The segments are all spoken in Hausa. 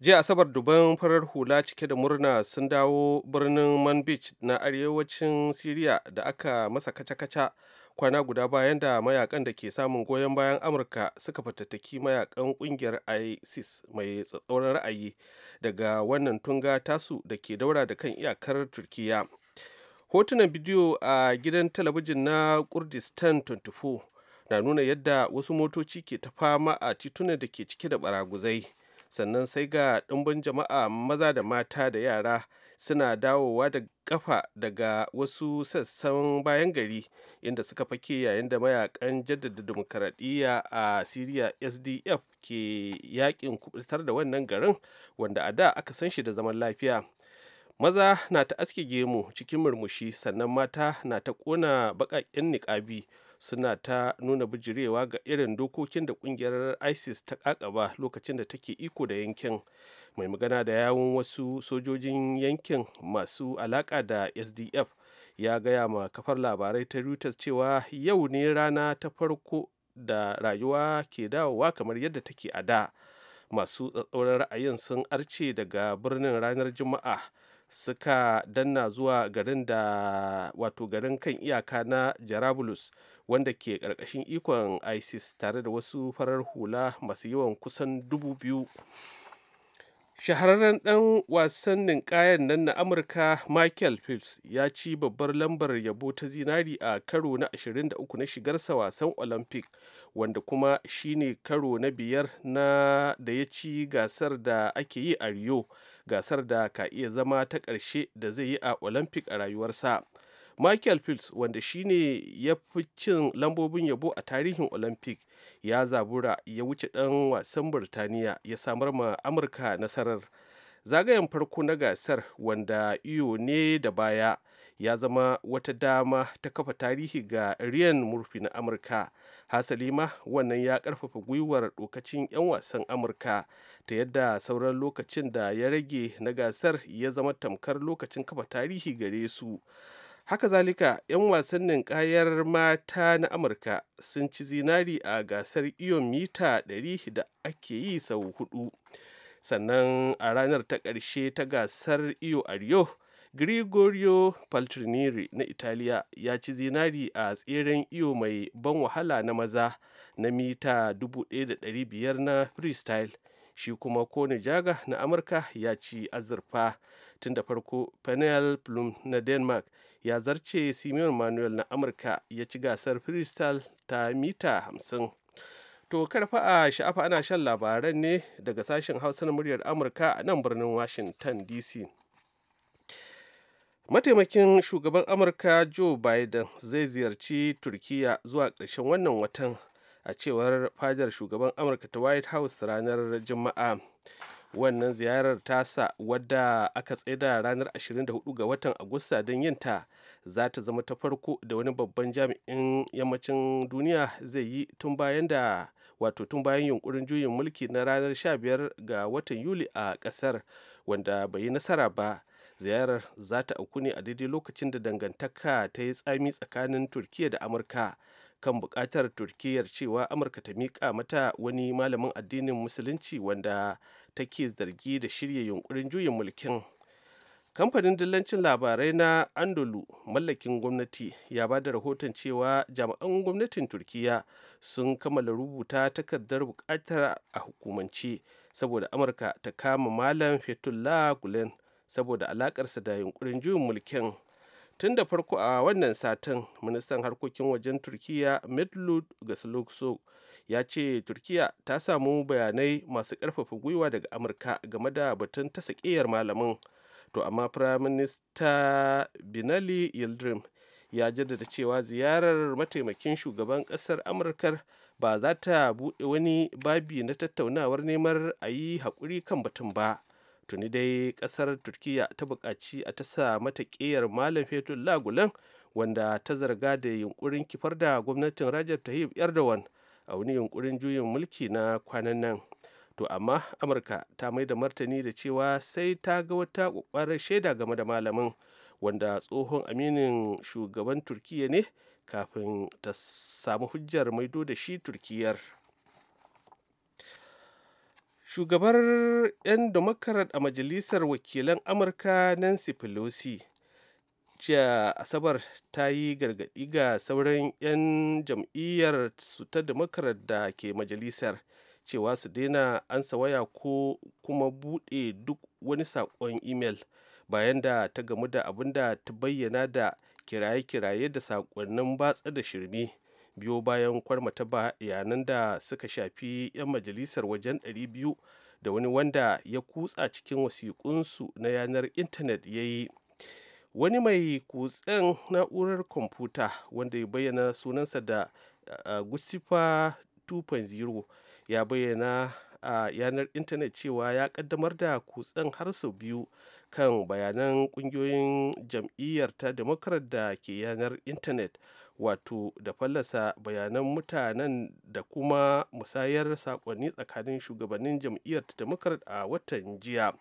jiya asabar duban farar hula cike da murna sun dawo birnin beach na arewacin siriya da aka masa kaca-kaca kwana guda bayan da mayakan da ke samun goyon bayan amurka suka fatattaki mayakan kungiyar isis mai tsatsauran ra'ayi daga wannan tunga tasu da ke daura da kan iyakar turkiya hotunan bidiyo a gidan talabijin na kurdistan 24 na nuna yadda wasu motoci ke tafa ma a tituna da ke cike da baraguzai sannan sai ga ɗumbin jama'a maza da mata da yara suna dawowa da kafa daga wasu sassan bayan gari inda suka fake yayin da mayakan jaddada demokaradiyya a syria sdf ke yakin kubutar da wannan garin wanda a da aka san shi da zaman lafiya maza na ta aske gemu cikin murmushi sannan mata na ta kona baƙaƙen niƙabi suna ta nuna bijirewa ga irin dokokin da kungiyar isis ta kakaba lokacin da take iko da yankin mai magana da yawun wasu sojojin yankin masu alaka da sdf ya gaya ma kafar labarai ta reuters cewa yau ne rana ta farko da rayuwa ke dawowa kamar yadda take a da masu tsatsauran ra'ayin sun arce daga birnin ranar juma'a suka danna zuwa garin da wato garin kan iyaka na jarabulus wanda ke karkashin ikon isis tare da wasu farar hula masu yawan kusan dubu biyu shahararren dan wasan ninkayen nan na amurka michael phelps ya ci babbar lambar yabo ta zinari a karo na 23 na shigarsa wasan olympic wanda kuma shine karo na biyar na da ya ci gasar da ake yi a rio gasar da ka iya zama ta ƙarshe da zai yi a olympic a rayuwarsa michael phelps wanda shine ya fi cin lambobin yabo a tarihin olympic ya zabura ya wuce dan wasan birtaniya ya samar ma amurka nasarar zagayen farko na gasar wanda iyo ne da baya ya zama wata dama ta kafa tarihi ga ryan murphy na amurka hasali ma wannan ya karfafa gwiwar lokacin 'yan wasan amurka ta yadda sauran lokacin da ya rage na gasar ya zama tamkar lokacin kafa tarihi gare su haka zalika 'yan wasan kayar mata na amurka sun ci zinari a gasar iyo mita 100 da ake yi sau hudu sannan a ranar ta ƙarshe ta gasar iyo a rio Gregorio Paltrinieri na Italiya ya ci zinari a tseren iyo mai ban wahala na maza na mita 1500 na freestyle, shi kuma Kone Jaga na Amurka ya ci azurfa tun da farko penel plum na denmark ya zarce simeon manuel na amurka ya ci gasar freestyle ta mita 50 to karfa a sha'afa ana shan labaran ne daga sashen hausa na muryar amurka a nan birnin washington dc mataimakin shugaban amurka joe biden zai ziyarci turkiyya zuwa karshen wannan watan a cewar fadar shugaban amurka ta white house ranar juma'a wannan ziyarar tasa wadda aka tsaida ranar 24 ga watan agusta don yinta ta za ta zama ta farko da wani babban jami'in yammacin duniya zai yi tun bayan da wato tun bayan yunkurin juyin mulki na ranar 15 ga watan yuli a kasar wanda bai yi nasara ba ziyarar za ta auku ne a daidai lokacin da dangantaka ta yi tsami tsakanin turkiya da amurka kan buƙatar turkiyyar cewa amurka ta miƙa mata wani malamin addinin musulunci wanda take zargi da shirya yunkurin juyin mulkin kamfanin dillancin labarai na andolu mallakin gwamnati ya ba da rahoton cewa jami'an gwamnatin turkiya sun kammala rubuta takardar bukatar a hukumance saboda amurka ta kama malam fetullah gulen saboda alakarsa da yunkurin juyin mulkin tun da farko a wannan satin ministan harkokin wajen turkiya medlud gasluxo ya ce Turkiyya ta samu bayanai masu ƙarfafa gwiwa daga amurka game da batun ta sakiyar malamin to amma firaminista binali yildirim ya jaddada cewa ziyarar mataimakin shugaban ƙasar amurkar ba za ta buɗe wani babi na tattaunawar neman a yi haƙuri kan batun ba tuni dai kasar turkiya ta buƙaci a ta sa mata ƙiyar malam fetur lagulan wanda ta zarga da yunkurin kifar da gwamnatin rajab tayyip erdogan a wani yunkurin juyin mulki na kwanan nan to amma amurka ta mai da martani da cewa sai ta ga wata ƙwaƙwarar shaida game da malamin wanda tsohon aminin shugaban turkiya ne kafin ta samu hujjar maido da shi turkiyar shugabar 'yan democrat a majalisar wakilan amurka nancy pelosi jiya asabar ta yi gargaɗi ga sauran 'yan jam'iyyar su ta democrat da ke majalisar cewa su daina ansa waya ko kuma buɗe duk wani saƙon imel bayan da ta gamu da abin da ta bayyana da kiraye-kiraye da saƙonnin batsa da shirme biyo bayan ba yanan da suka shafi 'yan majalisar wajen 200 da wani wanda ya kutsa cikin wasiƙunsu na yanar intanet ya yi wani mai kutsen na'urar kwamfuta wanda ya bayyana sunansa da gusifa 2.0 ya bayyana a yanar intanet cewa ya kaddamar da kutsen har sau biyu kan bayanan kungiyoyin jam'iyyar ta demokrat da ke yanar intanet wato da fallasa bayanan mutanen da kuma musayar sakonni tsakanin shugabannin jam'iyyar democrat a watan jiya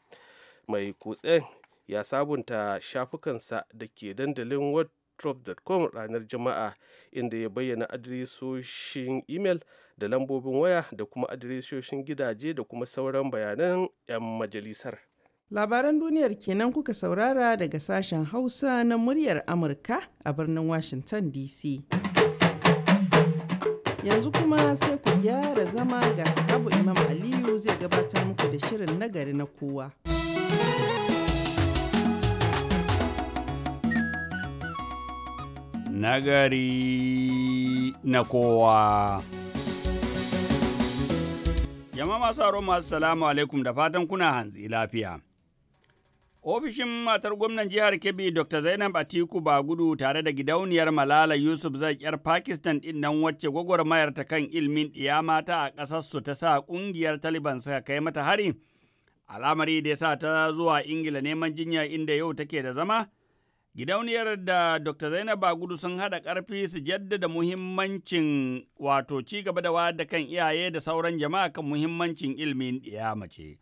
mai kutse ya sabunta shafukansa da ke dandalin wordtrop.com ranar jama'a inda ya bayyana adiresoshin imel da lambobin waya da kuma adiresoshin gidaje da kuma sauran bayanan 'yan majalisar Labaran duniyar kenan kuka saurara daga sashen Hausa na muryar Amurka a birnin Washington DC. Yanzu kuma sai ku gyara zama ga sahabu Imam Aliyu zai gabatar muku da shirin nagari na kowa. Nagari na kowa. Yamma masu masu salamu alaikum da fatan kuna hanzi lafiya. Ofishin matar gwamnan jihar Kebbi Dr. Zainab Atiku Bagudu tare da gidauniyar Malala Yusuf zai ‘yar Pakistan din nan wacce gwagwarmayar ta kan ilmin ɗiya mata a ƙasarsu ta sa ƙungiyar Taliban suka kai mata hari. Al'amari da ya sa ta zuwa Ingila neman jinya inda yau take da zama. Gidauniyar da Dr. Zainab Bagudu sun haɗa ƙarfi su jaddada muhimmancin wato ci gaba da wayar da kan iyaye da sauran jama'a kan muhimmancin ilmin ɗiya mace.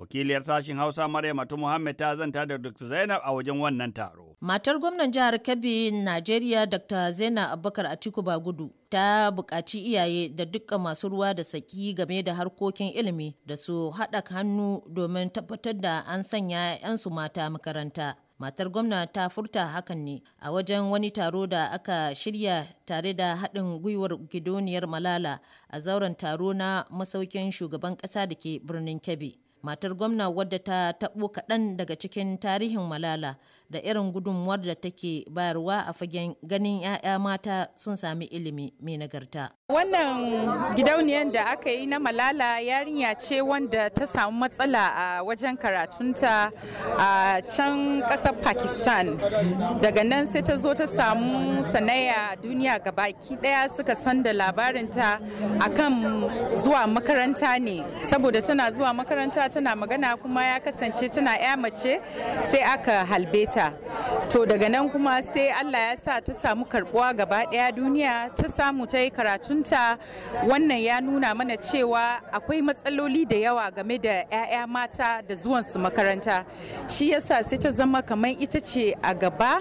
Wakiliyar sashen Hausa Maryam Atu Muhammad ta zanta da Dr. Zainab a wajen wannan taro. Matar gwamnan jihar Kebbi Najeriya Dr. Zainab Abubakar Atiku Bagudu ta buƙaci iyaye da dukkan masu ruwa da saki game da harkokin ilimi da su haɗa hannu domin tabbatar da an sanya 'yansu mata makaranta. matar gwamna ta furta hakan ne a wajen wani taro da aka shirya tare da haɗin gwiwar gidoniyar malala a zauren taro na masaukin shugaban ƙasa da ke birnin kebbi matar gwamna wadda ta taɓo kaɗan daga cikin tarihin Malala da irin gudunmuwar da take bayarwa a fagen ganin 'ya'ya mata sun sami ilimi mai nagarta. Wannan gidauniyar da aka yi na Malala yarinya ce wanda ta samu matsala a wajen karatunta a can ƙasar Pakistan. Daga nan sai ta zo ta samu sanaya duniya ga baki ɗaya suka san da labarinta kan zuwa makaranta ne. Saboda tana zuwa makaranta tana magana kuma ya kasance tana 'ya mace sai aka halbeta. ta to daga nan kuma sai allah ya sa ta samu karbuwa gaba daya duniya ta samu ta yi karatunta wannan ya nuna mana cewa akwai matsaloli da yawa game da 'ya'ya mata da zuwansu makaranta shi yasa sai ta zama kamar ita ce a gaba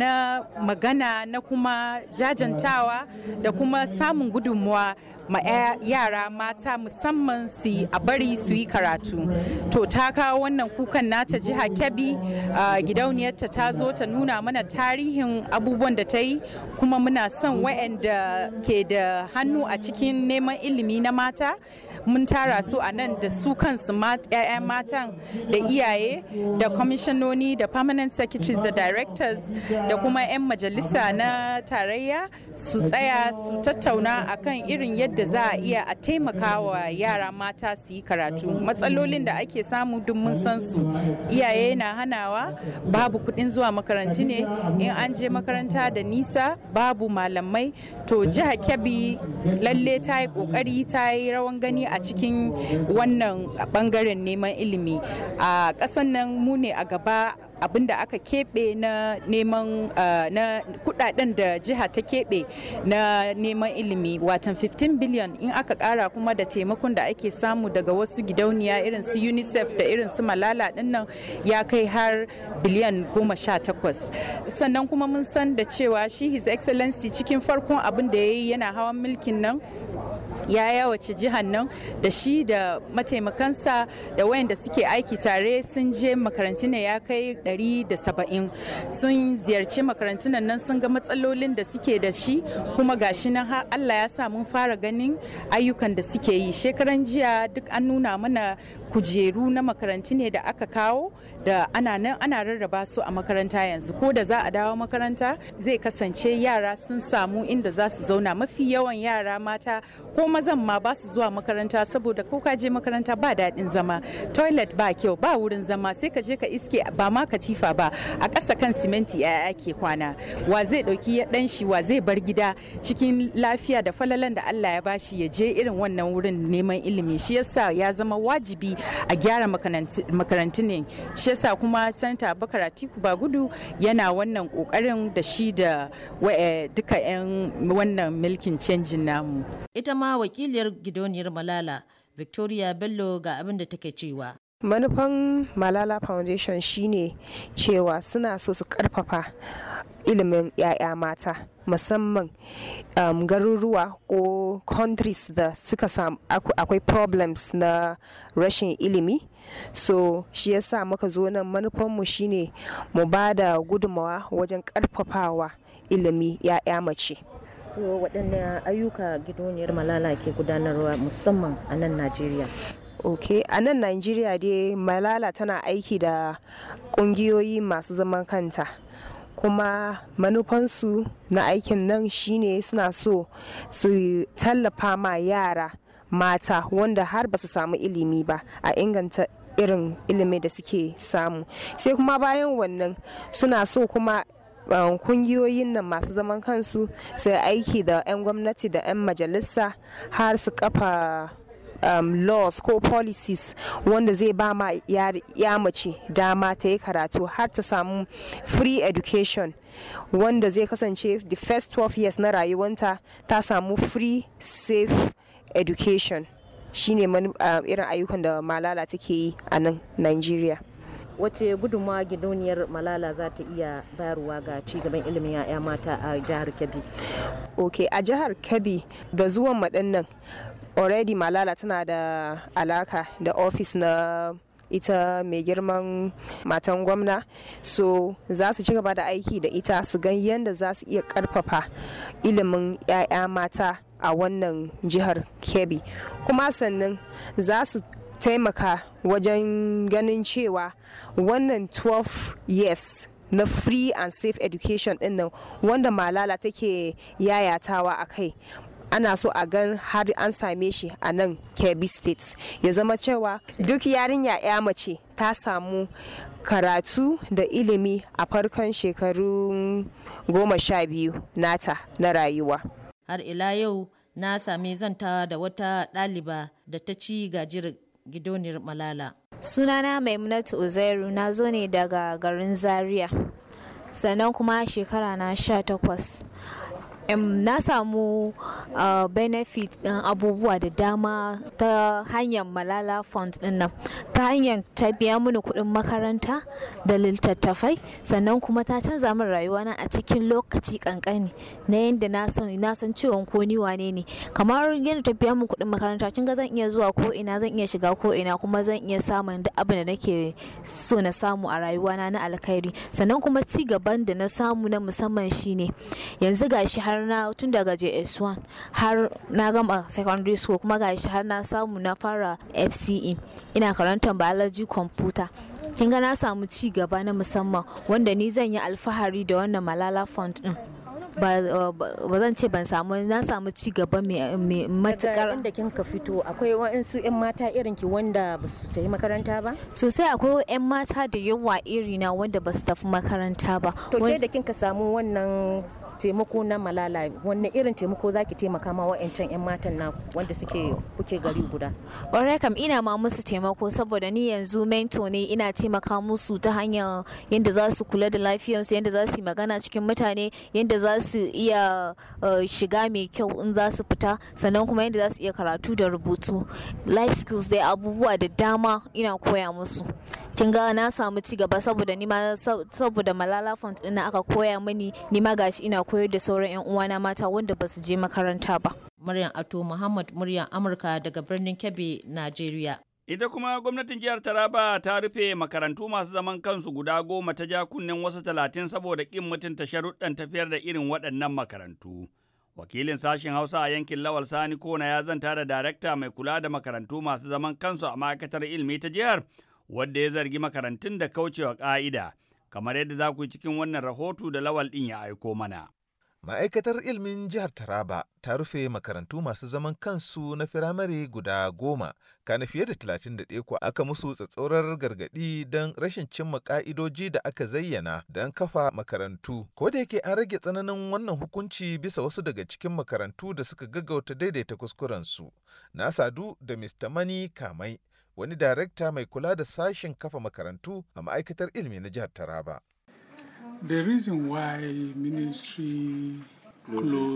na magana na kuma jajantawa da kuma samun gudunmuwa ma yara mata musamman su a bari su yi karatu to ta kawo wannan kukan nata jiha kebbi gidauniyarta ta zo ta nuna mana tarihin abubuwan da ta yi kuma muna son wa'anda ke da hannu a cikin neman ilimi na mata mun tara su a nan da su kansu 'ya'yan matan da iyaye da kwamishinoni da permanent secretaries da directors da kuma 'yan majalisa na tarayya su tsaya su tattauna a kan irin yadda za a iya a taimaka wa yara mata su yi karatu matsalolin da ake samu duk san su iyaye na hanawa babu kuɗin zuwa makarantu ne in an je makaranta da nisa babu malamai to jiha kebbi lalle ta yi ƙoƙari ta yi rawan gani a cikin wannan bangaren neman ilimi a ƙasan nan mu ne a gaba abin da aka keɓe na neman uh, na kudaden da jiha ta keɓe na neman ilimi watan 15 biliyan in aka ƙara kuma da taimakon da ake samu daga wasu gidauniya irin su unicef da irin su malala dinnan ya kai har biliyan goma sha takwas sannan kuma mun san da cewa shi his excellency cikin farkon abin da ya yi yana hawan mulkin nan ya yawace jihar nan da shi da mataimakansa da wayanda suke aiki tare sun je makarantuna ya kai 170 sun ziyarci makarantun nan sun ga matsalolin da suke da shi kuma gashi nan har Allah ya sa mun fara ganin ayyukan da suke yi shekaran jiya duk an nuna mana kujeru na makaranti ne da aka kawo da ana nan ana rarraba su a makaranta yanzu ko da za a dawo makaranta zai kasance yara sun samu inda za su zauna mafi yawan yara mata ko mazan ma ba su zuwa makaranta saboda ko ka je makaranta ba daɗin zama toilet ba kyau ba wurin zama sai ka je ka iske ba ma katifa ba a ƙasa kan siminti yaya ke kwana wa zai ɗauki ɗan shi wa zai bar gida cikin lafiya da falalan da Allah ya bashi ya je irin wannan wurin neman ilimi shi yasa ya zama wajibi a gyara makarantu ne shi yasa kuma santa bakara tiku ba gudu yana wannan kokarin da shi da eh, duka 'yan wannan milkin canjin namu ita ma wakiliyar gidauniyar malala victoria bello ga abin da take cewa manufan malala foundation shine cewa suna so su karfafa ilimin 'ya'ya mata musamman um, garuruwa ko countries da suka samu akwai problems na rashin ilimi so shi yasa muka zo nan manufanmu shine mu ba da gudunmawa wajen karfafawa ilimi 'ya'ya mace so waɗanne ayyuka gidoniyar malala ke gudanarwa musamman a nan najeriya ok a nan najeriya dai malala tana aiki da kungiyoyi masu zaman kanta kuma manufansu na aikin nan shine suna so su tallafa ma yara mata wanda har ba su samu ilimi ba a inganta irin ilimi da suke samu sai kuma bayan wannan suna so kuma kungiyoyin um, nan masu zaman kansu sai aiki da 'yan gwamnati da 'yan majalisa har su kafa um, laws ko policies wanda zai ba ma ya mace dama ta yi karatu har ta samu free education wanda zai kasance the first 12 years na rayuwanta ta samu free safe education shine uh, irin ayyukan da malala take yi a nan nigeria wace gudunmawa gidauniyar malala za ta iya bayarwa ga cigaban ilimin ya'ya mata a jihar kebbi ok a jihar kebbi da zuwan madannan. already malala tana da alaka da office na ita mai girman matan gwamna so za su ci gaba da aiki da ita su gan yadda za su iya karfafa ilimin 'ya'ya mata a wannan jihar kebbi kuma sannan za su taimaka wajen ganin cewa wannan 12 years na free and safe education din nan wanda malala take yayatawa a kai ana so a gan har an same shi a nan kebbi state ya zama cewa duk yarinya ya mace ta samu karatu da ilimi a farkon shekarun goma sha biyu nata na rayuwa har ila yau na sami zantawa da wata ɗaliba da ta ci gajiyar gidoniyar malala sunana maimunatu uzairu na zo ne daga garin zaria sannan kuma shekara na sha takwas na samu uh, benefit ɗin abubuwa da dama ta hanyar malala fund ɗin nan ta hanyar ta biya mini kudin makaranta da littattafai sannan kuma ta canza min rayuwana a cikin lokaci kankani na yadda na san ciwon ko ni wane ne kamar yadda ta biya min kuɗin makaranta kin ga zan iya zuwa ko ina zan iya shiga ko ina kuma zan iya samun duk abin da nake so na samu a rayuwana na alkhairi sannan kuma ci gaban da na samu na musamman shine yanzu gashi har na tun daga js1 har na gama secondary school kuma ga shi har na samu na fara fce ina karantar biology computer kin ga na samu ci gaba na musamman wanda ni zan yi alfahari da wannan malala fund din ba zan ce ban samu na samu ci gaba mai matukar inda kin ka fito akwai wa'ansu 'yan mata irin ki wanda ba su tafi makaranta ba sosai akwai 'yan mata da yawa irina wanda ba su tafi makaranta ba to ke da kin ka samu wannan taimako na malala wanne irin taimako za ki taimaka ma wa'ancan 'yan matan na wanda suke kuke gari guda ƙwarai kam ina ma musu taimako saboda ni yanzu mento ne ina taimaka musu ta hanyar yadda za su kula da lafiyarsu yadda za su yi magana cikin mutane yadda za su iya eh, shiga mai kyau in za su fita sannan kuma yadda za su iya karatu da rubutu life skills dai abubuwa da dama ina koya musu kin ga na samu ci gaba saboda ni ma saboda malala font ina aka koya mini ni ma gashi ina koyar da sauran 'yan uwana mata wanda ba su je makaranta ba. Maryam Ato Muhammad muryar Amurka daga birnin Kebbi, Najeriya. Ita kuma gwamnatin jihar Taraba ta rufe makarantu masu zaman kansu guda goma ta ja kunnen wasu talatin saboda ƙin mutunta sharuɗɗan tafiyar da irin waɗannan makarantu. Wakilin sashen Hausa a yankin Lawal Sani Kona ya zanta da darakta mai kula da makarantu masu zaman kansu a ma'aikatar ilimi ta jihar, wadda ya zargi makarantun da kaucewa ƙa'ida, kamar yadda za ku yi cikin wannan rahoto da Lawal ɗin ya aiko mana. Ma'aikatar ilmin Jihar Taraba ta rufe makarantu masu zaman kansu na firamare guda goma, kana fiye da 31 kuwa aka musu tsatsaurar gargadi don rashin cimma ka'idoji da aka zayyana don kafa makarantu. Ko yake an rage tsananin wannan hukunci bisa wasu daga cikin makarantu da suka gaggauta daidaita kuskurensu. Na sadu da Mr. Mani Kamai, wani darekta mai kula da sashen kafa makarantu a ma'aikatar ilimi na jihar Taraba. The reason why ministry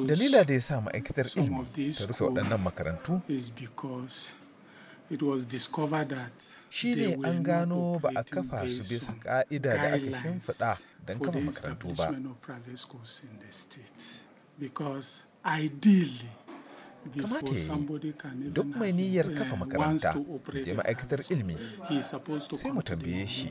Dalila da ya sa ma'aikatar ilimi ta rufe waɗannan makarantu shi ne an gano ba a kafa su bisa ƙa'ida da aka shimfiɗa don kafa makarantu ba. kamata ya yi duk mai niyyar eh, kafa makaranta da ma'aikatar ilimi sai mu tambaye shi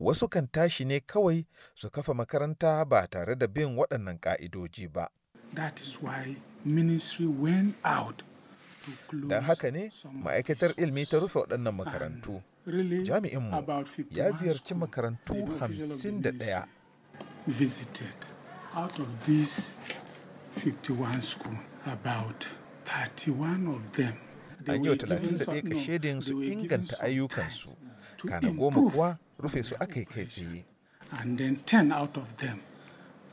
wasu kan tashi ne kawai su kafa makaranta ba tare da bin waɗannan ƙa'idoji ba. That is ministry went out Don haka ne ma'aikatar ilmi ta rufe waɗannan makarantu. Jami'in Jami'inmu ya ziyarci makarantu 51. da ɗaya. about an yi wa 31 su inganta ayyukansu kana goma kuwa rufe su aka yi kai tsaye. And then ten out of them,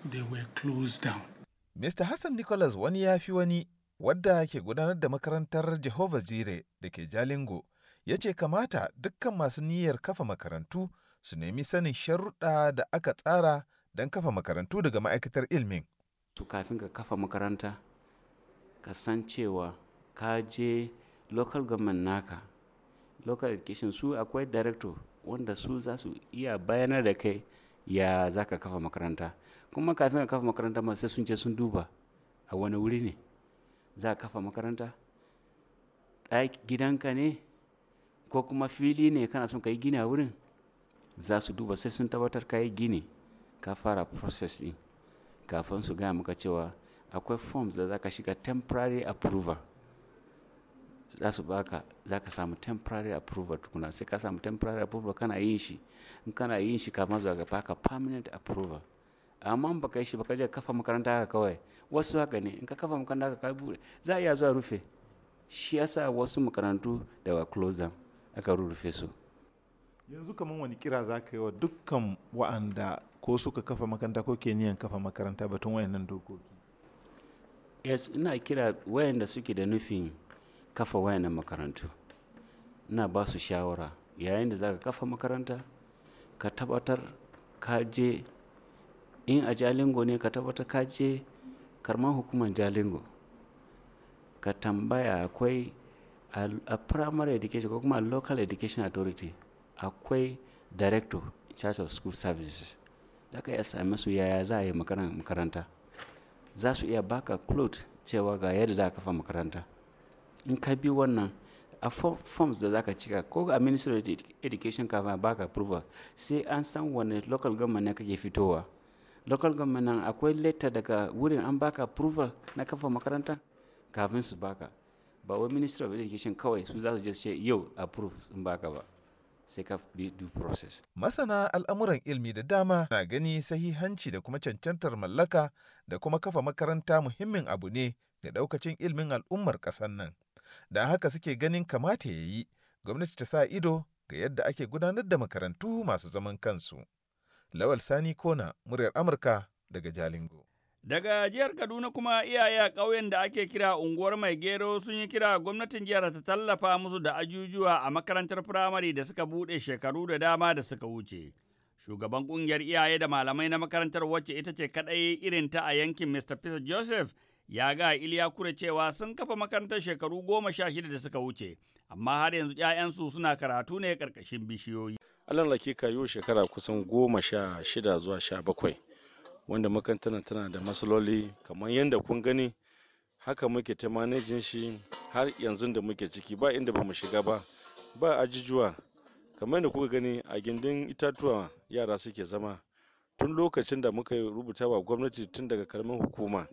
they were closed down. Mr. Hassan Nicholas wani ya fi wani wadda ke gudanar da makarantar Jehovah Jire da ke Jalingo ya ce kamata dukkan masu niyyar kafa makarantu su nemi sanin sharuɗa da aka tsara don kafa makarantu daga ma'aikatar ilmin. To kafin ka kafa makaranta, ka san cewa ka je local government naka, local education su akwai director wanda su za su iya bayanar da kai ya za ka kafa makaranta kuma kafin ka kafa makaranta ma sai sun ce sun duba a wani wuri ne za ka kafa makaranta gidanka ne ko kuma fili ne kana son ka yi gini a wurin za su duba sai sun tabbatar ka yi gini ka fara process kafin su gaya maka cewa akwai forms da za ka shiga temporary approval za su baka za ka samu temporary approval tukuna sai ka samu temporary approval kana yin shi in kana yin shi kafin zuwa ga baka permanent approval amma ba ka yi shi ba ka je kafa makaranta haka kawai wasu haka ne in ka kafa makaranta haka ka bude za a iya zuwa rufe shi yasa wasu makarantu da wa close them aka rufe su yanzu kamar wani kira za ka yi wa dukkan wa'anda ko suka kafa makaranta ko ke niyan kafa makaranta batun wayannan dokoki yes ina kira wayanda suke da nufin kafa wayannan makarantu ina ba su shawara yayin da za ka kafa makaranta ka tabbatar ka je in a jalingo ne ka tabbatar ka je karman hukumar jalingo ka tambaya akwai a primary education ko kuma a local education authority akwai director church of school services da ka iya same su yaya za a yi makaranta za su iya baka cloth cewa ga yadda za a kafa makaranta in ka bi wannan a forms da za ka cika ko a ministry of education kafin baka approval sai an san wani local government na kake fitowa local government akwai letter daga wurin an baka approval na kafa makaranta kafin su baka ba wai ministry of education kawai su za su je ce yau approve sun baka ba sai ka bi due process masana al'amuran ilmi da dama na gani sahihanci da kuma cancantar mallaka da kuma kafa makaranta muhimmin abu ne ga daukacin ilmin al'ummar kasar nan da haka suke ganin kamata ya yi gwamnati ta sa ido ga yadda ake gudanar da makarantu masu zaman kansu. Lawal Sani Kona, muryar Amurka daga Jalingo. Daga jihar Kaduna kuma iyaye a ƙauyen da ake kira unguwar mai gero sun yi kira gwamnatin jihar ta tallafa musu da ajujuwa a makarantar firamare da suka buɗe shekaru da dama da suka wuce. Shugaban ƙungiyar iyaye da malamai na makarantar wacce ita ce kaɗai irin ta a yankin Mr. Peter Joseph ya ga Iliya Kure cewa sun kafa makarantar shekaru goma sha shida da suka wuce, amma har yanzu ‘ya'yansu suna karatu ne ƙarƙashin bishiyoyi. Alan Lakika yau shekara kusan goma sha shida zuwa sha bakwai, wanda makarantar tana da matsaloli kamar yadda kun gani haka muke ta manajin shi har yanzu da muke ciki ba inda ba mu shiga ba ba ajijuwa kamar da kuka gani a gindin itatuwa yara suke zama tun lokacin da muka rubuta wa gwamnati tun daga karamin hukuma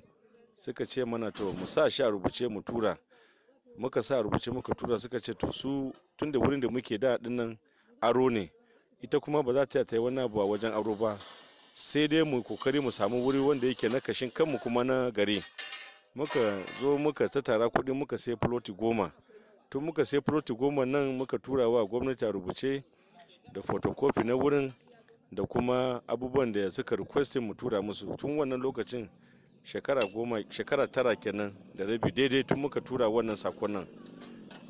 suka ce mana to mu sa shi a rubuce mu tura muka sa rubuce muka tura suka ce to su tun da wurin da muke da dinnan aro ne ita kuma ba za ta yi wani abu a wajen aro ba sai dai mu kokari mu samu wuri wanda yake na kashin kanmu kuma na gari muka zo muka tattara kuɗi muka sai filoti goma tun muka sai filoti goma nan muka tura wa gwamnati a rubuce da fotokofi na wurin da kuma abubuwan da suka requestin mu tura musu tun wannan lokacin shekara tara kenan da rabi daidai tun muka tura wannan sakon nan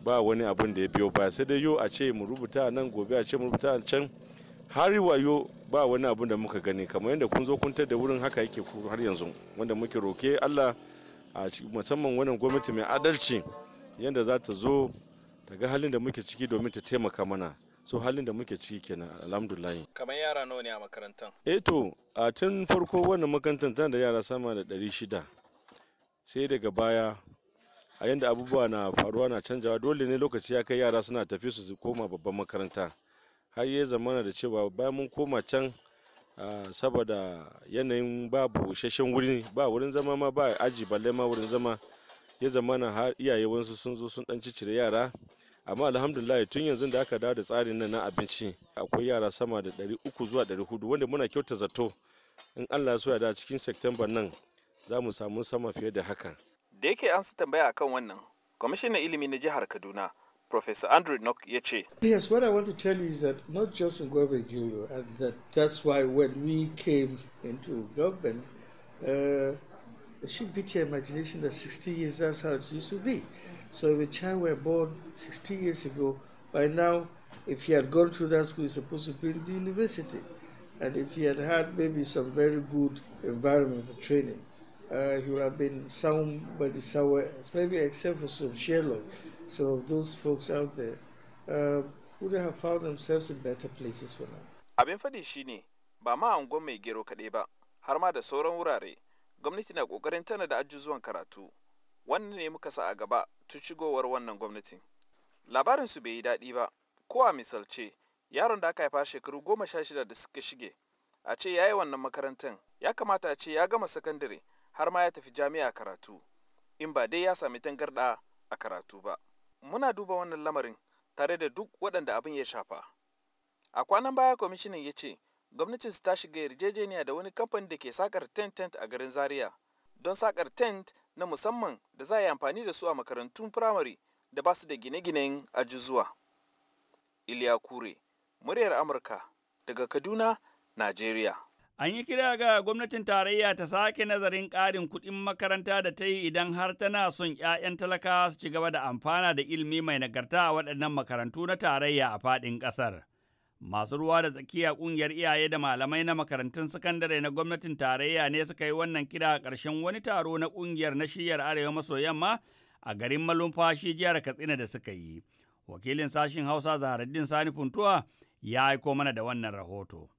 ba wani abin da ya biyo ba sai dai yo a ce mu rubuta nan gobe a ce mu rubuta a can har wayo ba wani abin da muka gani kamar yadda kun zo kun da wurin haka yake ku har yanzu wanda muke roke Allah a musamman wannan gwamnati mai adalci yadda za ta zo ta ga halin da muke ciki domin ta taimaka mana so halin da muke ciki kenan alhamdulillah kamar yara nawa ne a makarantar eh to a tun farko wannan makarantar tana da yara sama da ɗari 600 sai daga baya a yanda abubuwa na faruwa na canjawa dole ne lokaci ya kai yara suna tafi su koma babban makaranta har ya zamana da cewa bayan mun koma can saboda yanayin babu isasshen wuri ba wurin zama ma ba aji balle ma wurin zama ya zamana har iyaye wasu sun zo sun dan cicire yara amma alhamdulillah tun yanzu da aka dawo da tsarin nan na abinci akwai yara sama da 300 zuwa 400 wanda muna kyauta zato in Allah so ya da cikin September nan za mu samu sama fiye da haka da yake an su tambaya akan wannan kwamishinan ilimi na jihar Kaduna Professor Andrew Nock ya ce. Yes, what I want to tell you is that not just in Gobe Giro, and that that's why when we came into government, uh, it should be to your imagination that 60 years, that's how it used to be. So if a child were born 60 years ago, by now, if he had gone through that school, he's supposed to be in the university. And if he had had maybe some very good environment for training, uh, he would have been somebody somewhere else, maybe except for some Sherlock, some of those folks out there, uh, would have found themselves in better places for now. Abin faɗi ne ba ma angon mai gero kaɗai ba, har ma da sauran wurare, gwamnati na ƙoƙarin tana da zuwan karatu. Wannan ne muka sa a gaba tun shigowar wannan gwamnati labarin su bai yi daɗi ba ko a misalce yaron da aka haifa shekaru goma sha shida da suka shige a ce ya yi wannan makarantar ya kamata a ce ya gama sakandare har ma ya tafi jami'a karatu in ba dai ya sami tangarɗa a karatu ba muna duba wannan lamarin tare da duk waɗanda abin ya shafa a kwanan baya kwamishinan ya ce gwamnatin su ta shiga yarjejeniya da wani kamfani da ke sakar tent tent a garin zaria don sakar tent na musamman da za a yi amfani da su a makarantun firamare da ba su da gine-ginen ajizuwa Iliya Kure, muryar Amurka, daga Kaduna, Najeriya. An yi kira ga gwamnatin tarayya ta sake nazarin ƙarin kuɗin makaranta da ta yi idan har tana son 'ya'yan talaka su ci gaba da amfana da ilimi mai nagarta a waɗannan makarantu na tarayya a faɗin ƙasar. Masu ruwa da tsakiya kungiyar iyaye da malamai na makarantun sakandare na gwamnatin tarayya ne suka yi wannan kira a ƙarshen wani taro na kungiyar na shiyar arewa maso yamma a garin malumfashi jihar Katsina da suka yi. Wakilin sashin Hausa Zaharaddin Sani Funtuwa ya aiko mana da wannan rahoto.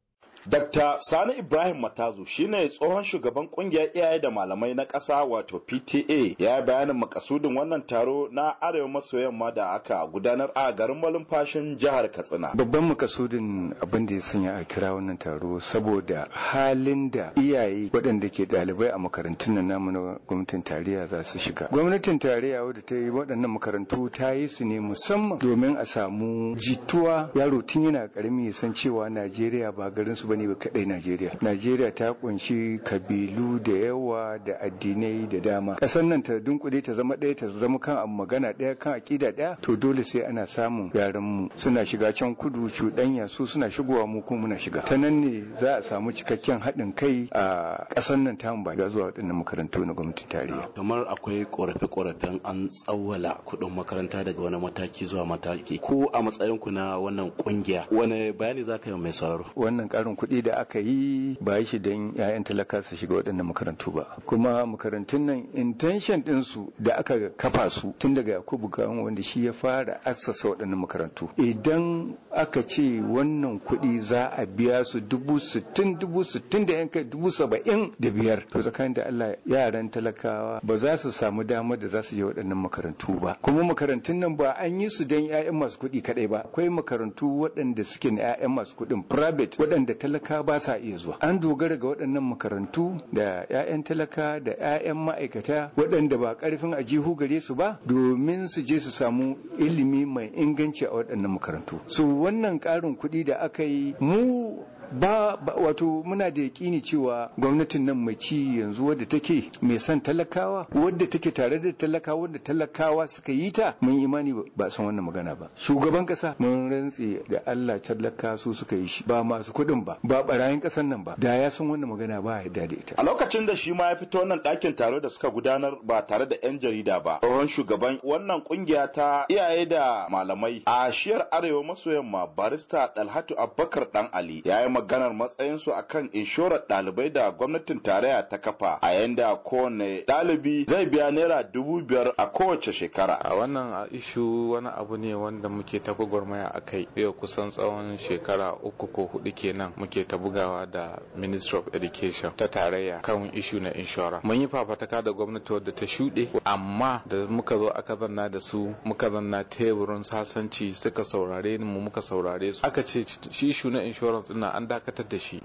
Dr. Sani Ibrahim Matazu shine tsohon shugaban kungiyar iyaye da malamai na ƙasa wato PTA ya yi bayanin makasudin wannan taro na arewa maso yamma da aka gudanar a garin malumfashin jihar Katsina. Babban makasudin abin da ya sanya a kira wannan taro saboda halin da iyaye waɗanda ke ɗalibai a makarantun nan namu na gwamnatin tarayya za su shiga. Gwamnatin tarayya wadda ta yi waɗannan makarantu ta yi su ne musamman domin a samu jituwa yaro tun yana ƙarami ya san cewa Najeriya ba garin su ba bane ba kadai Najeriya Najeriya ta kunshi kabilu da yawa da addinai da dama ƙasar nan ta dunkule ta zama ɗaya ta zama kan magana ɗaya kan aƙida ɗaya to dole sai ana samun yaran mu suna shiga can kudu cuɗanya su suna shigowa mu ko muna shiga ta nan ne za a samu cikakken haɗin kai a ƙasar nan ta ba ga zuwa waɗannan makarantu na gwamnatin tarayya kamar akwai ƙorafe-ƙorafen an tsawwala kuɗin makaranta daga wani mataki zuwa mataki ko a matsayin na wannan ƙungiya wani bayani za ka yi mai sauraro wannan ƙarin kuɗi da aka yi ba shi don 'ya'yan talaka su shiga waɗannan makarantu ba kuma makarantun nan intention ɗinsu da aka kafa su tun daga yakubu gawon wanda shi ya fara assasa waɗannan makarantu idan aka ce wannan kuɗi za a biya su dubu sittin dubu sittin da yanka dubu saba'in da biyar to tsakanin da allah yaran talakawa ba za su samu damar da za su je waɗannan makarantu ba kuma makarantun nan ba an yi su don 'ya'yan masu kuɗi kaɗai ba akwai makarantu waɗanda suke na 'ya'yan masu kuɗin private waɗanda talaka talaka ba sa iya zuwa an dogara ga waɗannan makarantu da 'ya'yan talaka da 'ya'yan ma'aikata waɗanda ba ƙarfin a jihu gare su ba domin su je su samu ilimi mai inganci a waɗannan makarantu so wannan ƙarin kuɗi da aka yi mu ba wato muna da yakini cewa gwamnatin nan mai ci yanzu wadda take mai son talakawa wadda take tare da talakawa wadda talakawa suka yi ta mun imani ba san wannan magana ba shugaban kasa mun rantse da Allah talaka su suka yi shi ba masu kuɗin ba ba barayin kasan nan ba da ya san wannan magana ba ya dade ita a lokacin da shi ma ya fito wannan dakin taro da suka gudanar ba tare da yan jarida ba tsohon shugaban wannan kungiya ta iyaye da malamai a shiyar arewa maso yamma barista Dalhatu Abubakar dan Ali ya maganar matsayinsu kan inshorar ɗalibai da gwamnatin tarayya ta kafa a yanda kowane ɗalibi zai biya naira dubu biyar a kowace shekara. A wannan ishu wani abu ne wanda muke ta gwagwarmaya a kai yau kusan tsawon shekara uku ko hudu kenan muke ta bugawa da Ministry of Education ta tarayya kan ishu na inshora. Mun yi fafataka da gwamnati wadda ta shuɗe amma da muka zo aka zanna da su muka zanna teburin sasanci suka saurare mu muka saurare su aka ce shi ishu na insurance ɗin an an dakatar da shi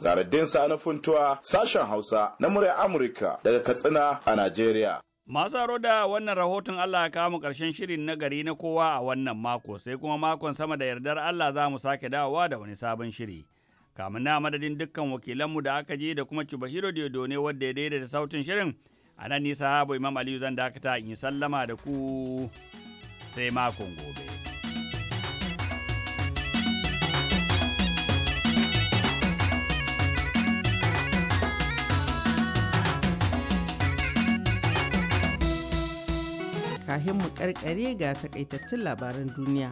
sa na funtuwa sashen hausa na murya amurka daga katsina a najeriya Masu aro da wannan rahoton Allah ya kama karshen shirin na gari na kowa a wannan mako sai kuma makon sama da yardar Allah za mu sake dawowa da wani sabon shiri. Kamun na madadin dukkan wakilanmu da aka je da kuma Cibahiro Diodo ne wadda ya daidaita sautin shirin a nan nisa Habu Imam Aliyu zan dakata in yi sallama da ku sai makon gobe. kahin mu karkare ga takaitattun labaran duniya.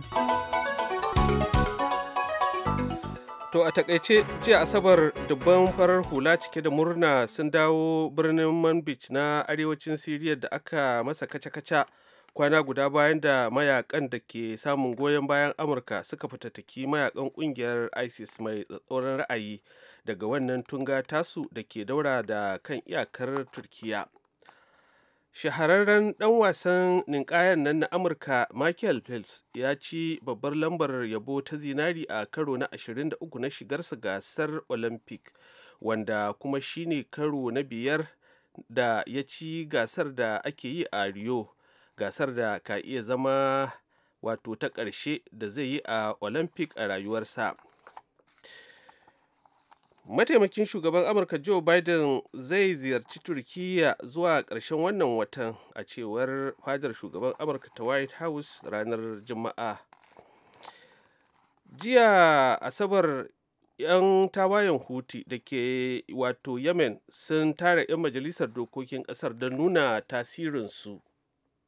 To a takaice jiya asabar dubban farar hula cike da murna sun dawo birnin Manbij na arewacin Siriya da aka masa kaca-kaca kwana guda bayan da mayakan da ke samun goyon bayan Amurka suka fitattaki mayakan kungiyar ISIS mai tsatsoron ra'ayi daga wannan tunga tasu da ke daura da kan iyakar turkiyya. shahararren dan wasan ninkayen nan na amurka michael phelps ya ci babbar lambar yabo ta zinari a karo na 23 na shigarsa gasar olympic wanda kuma shine karo na biyar da ya ci gasar da ake yi a rio gasar da ka iya zama wato ta ƙarshe da zai yi a olympic a rayuwarsa mataimakin shugaban amurka joe biden zai ziyarci Turkiyya zuwa ƙarshen wannan watan a cewar fadar shugaban amurka ta white house ranar juma'a jiya asabar 'yan tawayen huti da ke wato yemen sun tara 'yan majalisar dokokin kasar don nuna tasirinsu